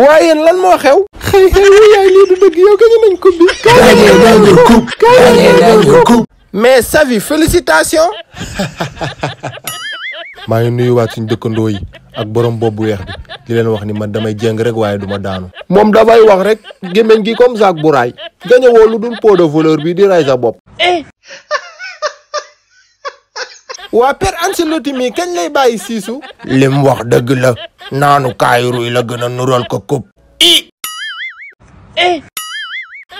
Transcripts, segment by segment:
waaye lan moo xew. xëy xëy yaay lii du dëgg yow gañu nañ coupe bi. gaañee gaañu coupe gaañee gaañu mais Safi félicitation. maa ngi nuyuwaat suñu dëkkandoo yi ak borom boobu weex bi di leen wax ni man damay jéng rek waaye duma daanu. moom dafay wax rek gémmiñ gi comme saak bu raay gañewoo lu dul pot de fleur bi di ray sa bopp. Eh! waa Père Ancelotti mi kañ lay bàyyi siisu. lim wax dëgg la naanu kaayu ruy la gën a nural ko kub. i. eh.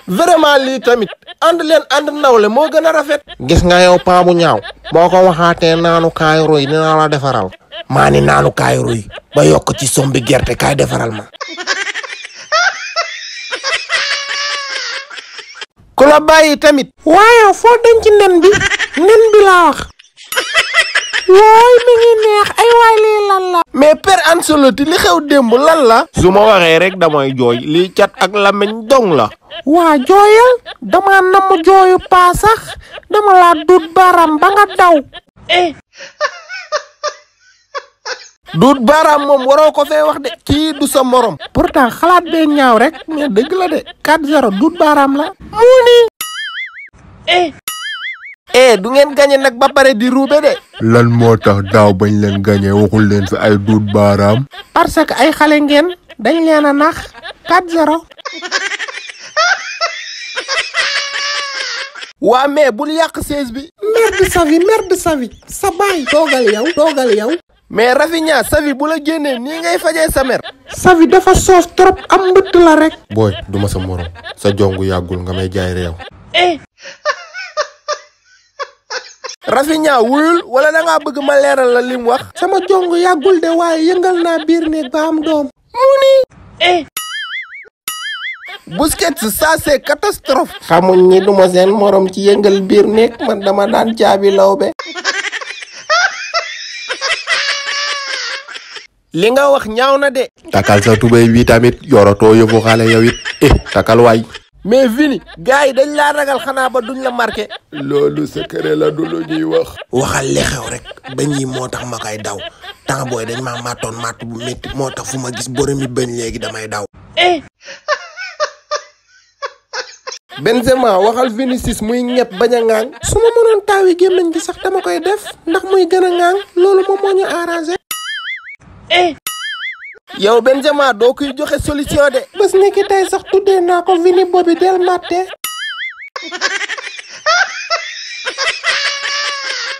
vraiment lii tamit ànd leen ànd nawle moo gën a rafet. gis nga yow paa bu ñaaw. boo ko waxaatee naanu kaayu ruy dinaa la defaral. maa ni naanu kaayu ruy ba yokk ci sombi gerte kaay defaral ma. ku la bàyyi tamit. waaye foo denc nen bi nen bi laa wax. waay mi ngi neex ay waay lii lan la mais Père Ancelotti li xew démb lan la su ma waxee rek damay jooy lii cat ak làmmiñ dong la waa jooyal dama namm jooyu paa sax dama laa duut baram ba nga daw eh duut baaraam moom waroo ko fee wax de kii du sa morom pourtant xalaat bee ñaaw rek mais dëgg la de 4-0 duut baaraam la mu ni eh. eh du ngeen gañe nag ba pare di ruube de. lan moo tax daaw bañ leen gañe waxul leen fi ay duut baaraam. parce que ay xale ngeen dañ leen a nax 4-0. waa mais bul yàq sees bi. merde Safi merde Safi sa baay. toogal yow toogal yow. mais Rafinha Safi bu la génnee nii ngay fajee sa mer. Safi dafa soof trop am mbëtt la rek. booy duma sa morom sa jongu yàggul nga may jaay réew. Eh, Rafinha wuyul wala da bëgg ma leeral a li mu wax. sama jong yàggul de waaye yëngal naa biir néeg ba am doom. mu ni. eh. Busquets ça c'est catastrophe. xamuñ ni duma seen morom ci yëngal biir néeg man dama daan caabi lawbe. li nga wax ñaaw na de. takal sa tubéy bi tamit yoratoo yëfu xale yow it eh, takal waay. mais Vini gars yi dañ laa ragal xanaa ba duñ la marqué. loolu secret la du lu ñuy wax. waxal li xew rek bañ yi moo tax ma koy daw temps booy dañ ma màttoon màtt bu métti moo tax fu ma gis boromi bañ léegi damay daw. Eh! Benzema waxal Vinicius muy ñepp bañ a ŋaang. su ma mënoon taawi gémmiñ gi sax dama koy def ndax muy gën a ŋaang loolu moom moo ñu arrangé. Eh! yow Benzema doo koy joxe solution de. bés ni ki tey sax tuddee naa ko Vini Bobi del Maté.